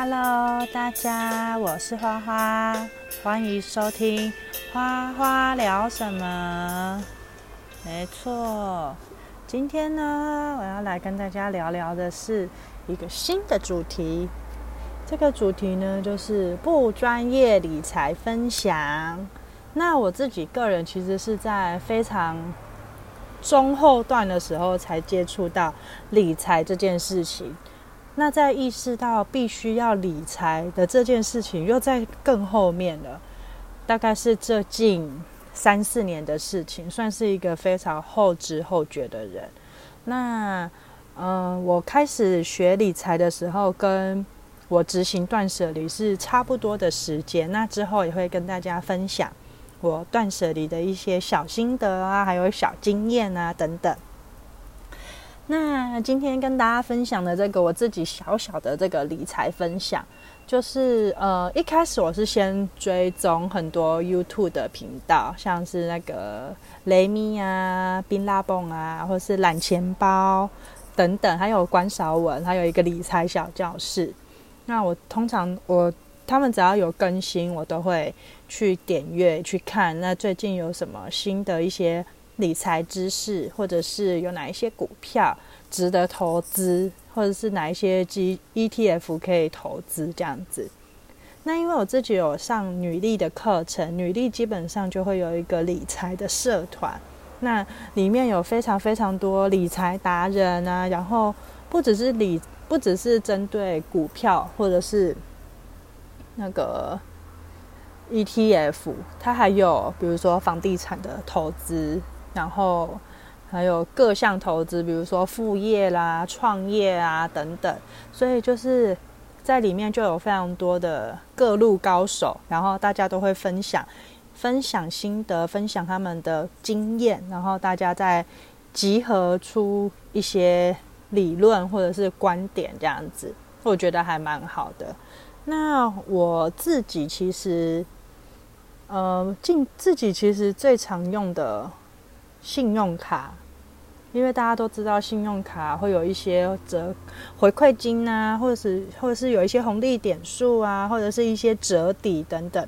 Hello，大家，我是花花。歡迎收聽花花聊什麼。沒錯，今天呢，我要來跟大家聊聊的是一個新的主題。這個主題呢，就是不專業理財分享。那我自己個人其實是在非常中後段的時候才接觸到理財這件事情。那在意識到必須要理財的這件事情，又在更後面了，大概是這近三四年的事情，算是一個非常後知後覺的人。那，嗯，我開始學理財的時候，跟我執行斷捨離是差不多的時間。那之後也會跟大家分享我斷捨離的一些小心得啊，還有小經驗啊等等。那今天跟大家分享的這個我自己小小的這個理財分享，就是呃一開始我是先追蹤很多 YouTube 的頻道，像是那個雷咪啊、冰拉蹦啊，或者是懶錢包等等，還有關韶文，還有一個理財小教室。那我通常我他們只要有更新，我都會去點閱去看。那最近有什麼新的一些？理財知識，或者是有哪一些股票值得投資，或者是哪一些基 ETF 可以投資這樣子。那因為我自己有上女力的課程，女力基本上就會有一個理財的社團，那裡面有非常非常多理財達人啊，然後不只是理，不只是針對股票或者是那個 ETF，它還有比如說房地產的投資。然後還有各項投資，比如說副業啦、創業啊等等，所以就是在裡面就有非常多的各路高手，然後大家都會分享、分享心得、分享他們的經驗，然後大家再集合出一些理論或者是觀點，這樣子我覺得還蠻好的。那我自己其實，呃，盡自己其實最常用的信用卡，因為大家都知道信用卡會有一些折回饋金啊，或者是或者是有一些紅利點數啊，或者是一些折抵等等。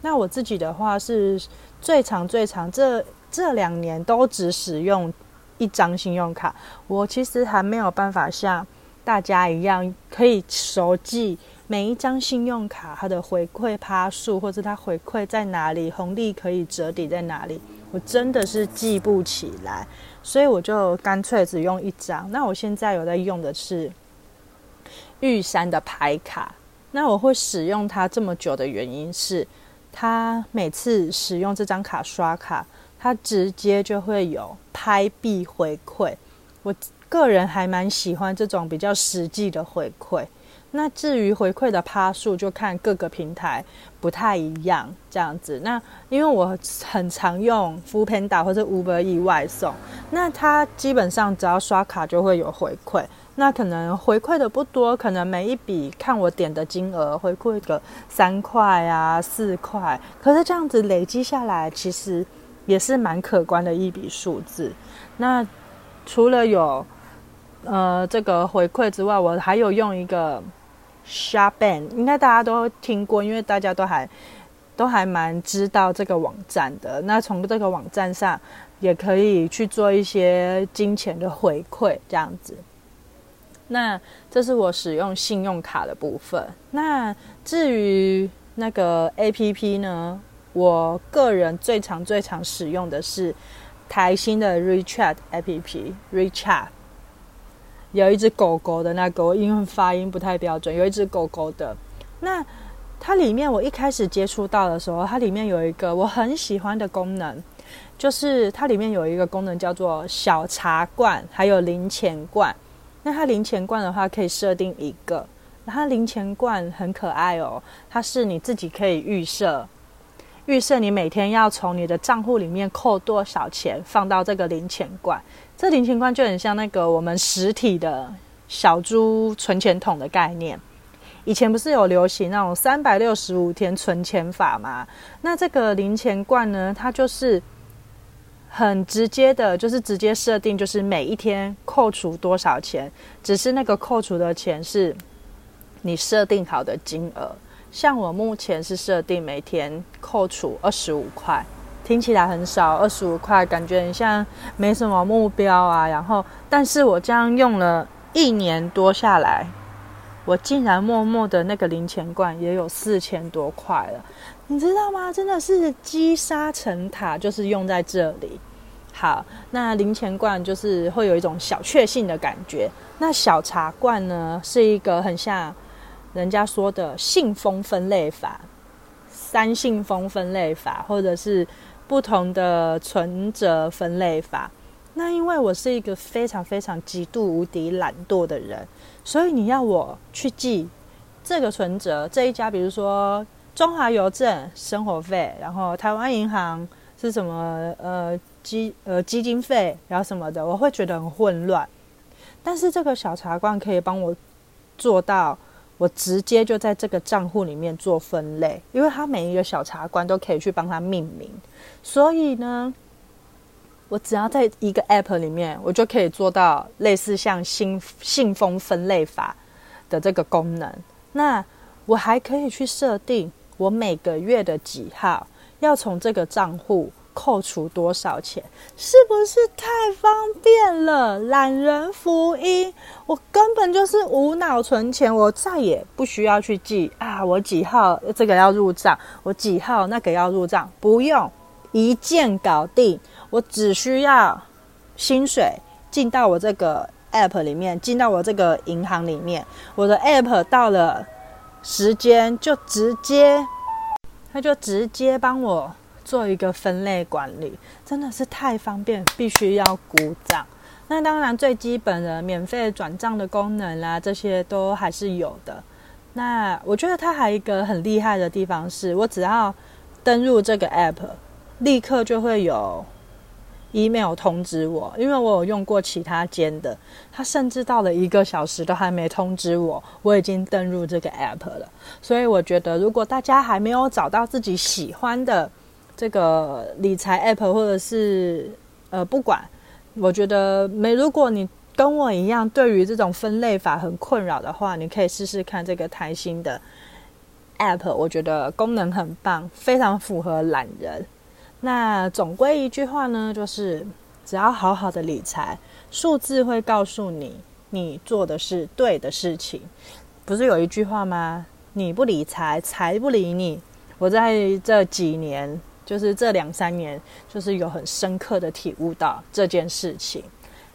那我自己的話是最長最長，這這這兩年都只使用一張信用卡。我其實還沒有辦法像大家一樣可以熟記每一張信用卡它的回饋趴數，或者它回饋在哪裡，紅利可以折抵在哪裡。我真的是記不起來，所以我就乾脆只用一張。那我現在有在用的是玉山的牌卡。那我會使用它這麼久的原因是，它每次使用這張卡刷卡，它直接就會有拍幣回饋。我個人還蠻喜歡這種比較實際的回饋。那至於回饋的趴數，數就看各個平台不太一樣這樣子。那因為我很常用 Foodpanda 或者 Uber Eats 外送，那它基本上只要刷卡就會有回饋。那可能回饋的不多，可能每一筆看我點的金額，回饋一個三塊啊四塊。可是這樣子累積下來，其實也是蠻可觀的一筆數字。那除了有呃這個回饋之外，我還有用一個。ShopBack 應該大家都聽過，因為大家都還都還蠻知道這個網站的。那從這個網站上也可以去做一些金錢的回饋這樣子。那這是我使用信用卡的部分。那至於那個 APP 呢，我個人最常最常使用的是台新的 Richart APP，Richart。有一隻狗狗的那狗、個，因為發音不太標準。有一隻狗狗的那它裡面，我一開始接觸到的時候，它裡面有一個我很喜歡的功能，就是它裡面有一個功能叫做小茶罐，還有零錢罐。那它零錢罐的話，可以設定一個。然後它零錢罐很可愛哦，它是你自己可以預設。預設你每天要從你的賬戶裡面扣多少錢放到這個零錢罐，這零錢罐就很像那個我們實體的小豬存錢筒的概念。以前不是有流行那種三百六十五天存錢法嗎？那這個零錢罐呢，它就是很直接的，就是直接設定，就是每一天扣除多少錢，只是那個扣除的錢是你設定好的金額。像我目前是設定每天扣除二十五塊，聽起來很少，二十五塊感覺很像沒什麼目標啊。然後，但是我這樣用了一年多下來，我竟然默默的那個零錢罐也有四千多塊了，你知道嗎？真的是積沙成塔，就是用在這裡。好，那零錢罐就是會有一種小確幸的感覺。那小茶罐呢，是一個很像。人家說的信封分類法，三信封分類法，或者是不同的存折分類法。那因為我是一個非常非常極度無敵懶惰的人，所以你要我去記這個存折這一家，比如說中華郵政生活費，然後台灣銀行是什麼呃、基呃、基金費，然後什麼的，我會覺得很混亂。但是這個小茶罐可以幫我做到。我直接就在這個賬戶裡面做分類，因為他每一個小茶官都可以去幫他命名，所以呢，我只要在一個 app 裡面，我就可以做到類似像信信封分類法的這個功能。那我還可以去設定，我每個月的幾號要從這個賬戶。扣除多少錢？是不是太方便了？懶人福音！我根本就是無腦存錢，我再也不需要去記啊！我幾號這個要入賬，我幾號那個要入賬，不用，一鍵搞定。我只需要薪水進到我這個 app 裡面，進到我這個銀行裡面，我的 app 到了時間就直接，他就直接幫我。做一個分類管理，真的是太方便，必須要鼓掌。那當然最基本的免費轉賬的功能啦、啊，這些都還是有的。那我覺得它還有一個很厲害的地方是，我只要登錄這個 app，立刻就會有 email 通知我。因為我有用過其他間的，它甚至到了一個小時都還沒通知我，我已經登入這個 app 了。所以我覺得，如果大家還沒有找到自己喜歡的，這個理財 App 或者是呃不管，我覺得沒如果你跟我一樣，對於這種分類法很困擾的話，你可以試試看這個台新的 App，我覺得功能很棒，非常符合懶人。那總歸一句話呢，就是只要好好的理財，數字會告訴你你做的是對的事情。不是有一句話嗎？你不理財，財不理你。我在這幾年。就是這兩三年，就是有很深刻的體悟到這件事情。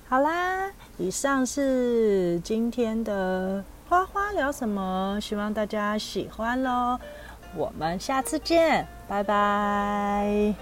好啦，以上是今天的花花聊什麼，希望大家喜歡咯，我們下次見，拜拜。